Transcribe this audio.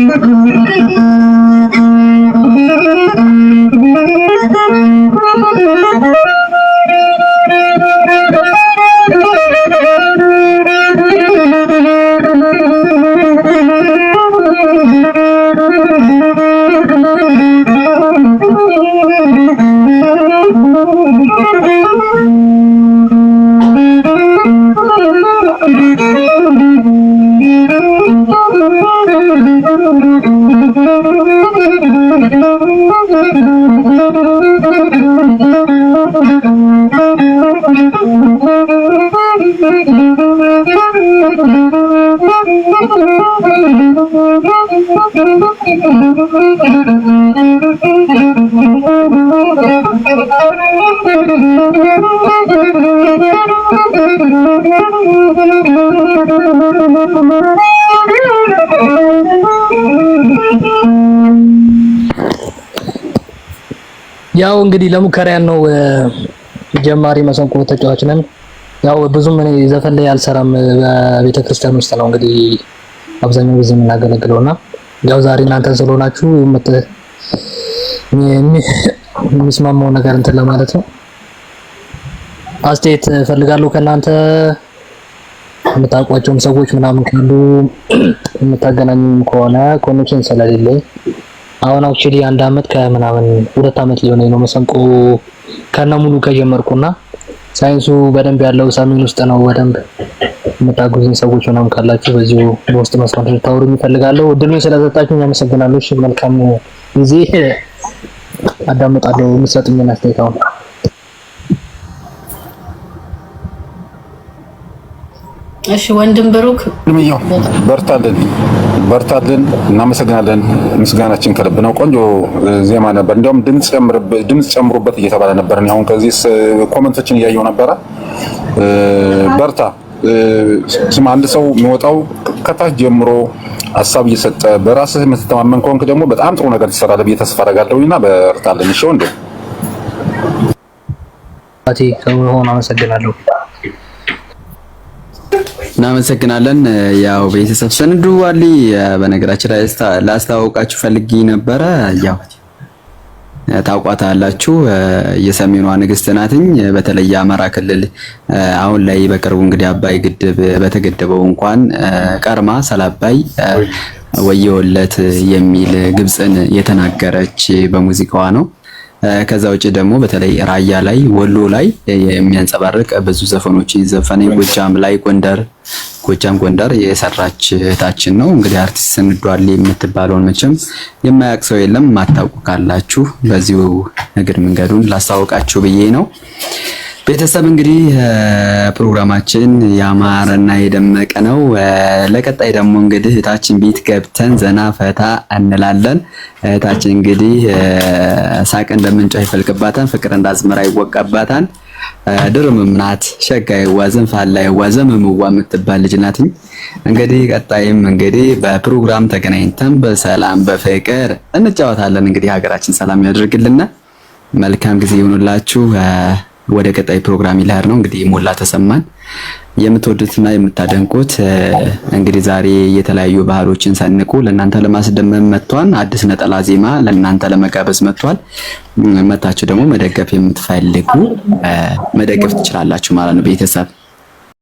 Thank you. ያው እንግዲህ ለሙከራ ነው። ጀማሪ መሰንቆ ተጫዋች ነን። ያው ብዙም እኔ ዘፈን ላይ አልሰራም። በቤተክርስቲያን ውስጥ ነው እንግዲህ አብዛኛው ጊዜ የምናገለግለውና ያው ዛሬ እናንተ ስለሆናችሁ የሚስማማው ነገር እንትን ለማለት ነው። አስተያየት እፈልጋለሁ ከእናንተ የምታውቋቸውም ሰዎች ምናምን ካሉ የምታገናኙም ከሆነ ኮኔክሽን ስለሌለኝ አሁን አክቹሊ አንድ አመት ከምናምን ሁለት አመት ሊሆነኝ ነው መሰንቆ ከነሙሉ ከጀመርኩና ሳይንሱ በደንብ ያለው ሰሜን ውስጥ ነው በደንብ የምታግዙኝ ሰዎች ምናምን ካላችሁ በዚሁ በውስጥ መስመር ልታወሩ እፈልጋለሁ። እድሉን ስለሰጣችሁ አመሰግናለሁ። እሺ፣ መልካም ጊዜ። አዳምጣለሁ የምትሰጡኝን አስተያየት አሁን እሺ ወንድም ብሩክ በርታልን፣ በርታልን። እናመሰግናለን። ምስጋናችን ከልብ ነው። ቆንጆ ዜማ ነበር። እንዲያውም ድምፅ ጨምሩበት እየተባለ ነበር። አሁን ከዚህ ኮመንቶችን እያየው ነበረ። በርታ ስም አንድ ሰው የሚወጣው ከታች ጀምሮ ሀሳብ እየሰጠ በራስህ የምትተማመን ከሆንክ ደግሞ በጣም ጥሩ ነገር ትሰራለህ ብዬ ተስፋ አደርጋለሁ እና በርታለን። እሺው እንደ አቲ ከሆነ አመሰግናለሁ። እናመሰግናለን። ያው ቤተሰብ ሰንዱ አሊ በነገራችን ላይ ላስተዋውቃችሁ ፈልጊ ነበረ ያው ታውቋታላችሁ። የሰሜኗ ንግስት ናትኝ። በተለይ የአማራ ክልል አሁን ላይ በቅርቡ እንግዲህ አባይ ግድብ በተገደበው እንኳን ቀርማ ሰላባይ ወየወለት የሚል ግብፅን የተናገረች በሙዚቃዋ ነው። ከዛ ውጭ ደግሞ በተለይ ራያ ላይ ወሎ ላይ የሚያንጸባርቅ ብዙ ዘፈኖችን ዘፈነ። ጎጃም ላይ ጎንደር ጎጃም ጎንደር የሰራች እህታችን ነው። እንግዲህ አርቲስት ስንዷል የምትባለውን መቼም የማያውቅ ሰው የለም። ማታውቁ ካላችሁ በዚሁ እግር መንገዱን ላስታወቃችሁ ብዬ ነው። ቤተሰብ እንግዲህ ፕሮግራማችን ያማረና የደመቀ ነው። ለቀጣይ ደግሞ እንግዲህ እህታችን ቤት ገብተን ዘና ፈታ እንላለን። እህታችን እንግዲህ ሳቅ እንደምንጫ ይፈልቅባታል፣ ፍቅር እንዳዝመራ ይወቃባታል። ድርምም ናት፣ ሸጋ ይዋዝም ፋላ ይዋዝም ምዋ የምትባል ልጅ ናት። እንግዲህ ቀጣይም እንግዲህ በፕሮግራም ተገናኝተን በሰላም በፍቅር እንጫወታለን። እንግዲህ ሀገራችን ሰላም ያደርግልና መልካም ጊዜ ይሁንላችሁ። ወደ ቀጣይ ፕሮግራም ይልሃር ነው እንግዲህ ሞላ ተሰማን የምትወዱትና የምታደንቁት እንግዲህ ዛሬ የተለያዩ ባህሎችን ሰንቁ ለእናንተ ለማስደመም መጥቷል። አዲስ ነጠላ ዜማ ለእናንተ ለመጋበዝ መጥቷል። መታችሁ ደግሞ መደገፍ የምትፈልጉ መደገፍ ትችላላችሁ ማለት ነው ቤተሰብ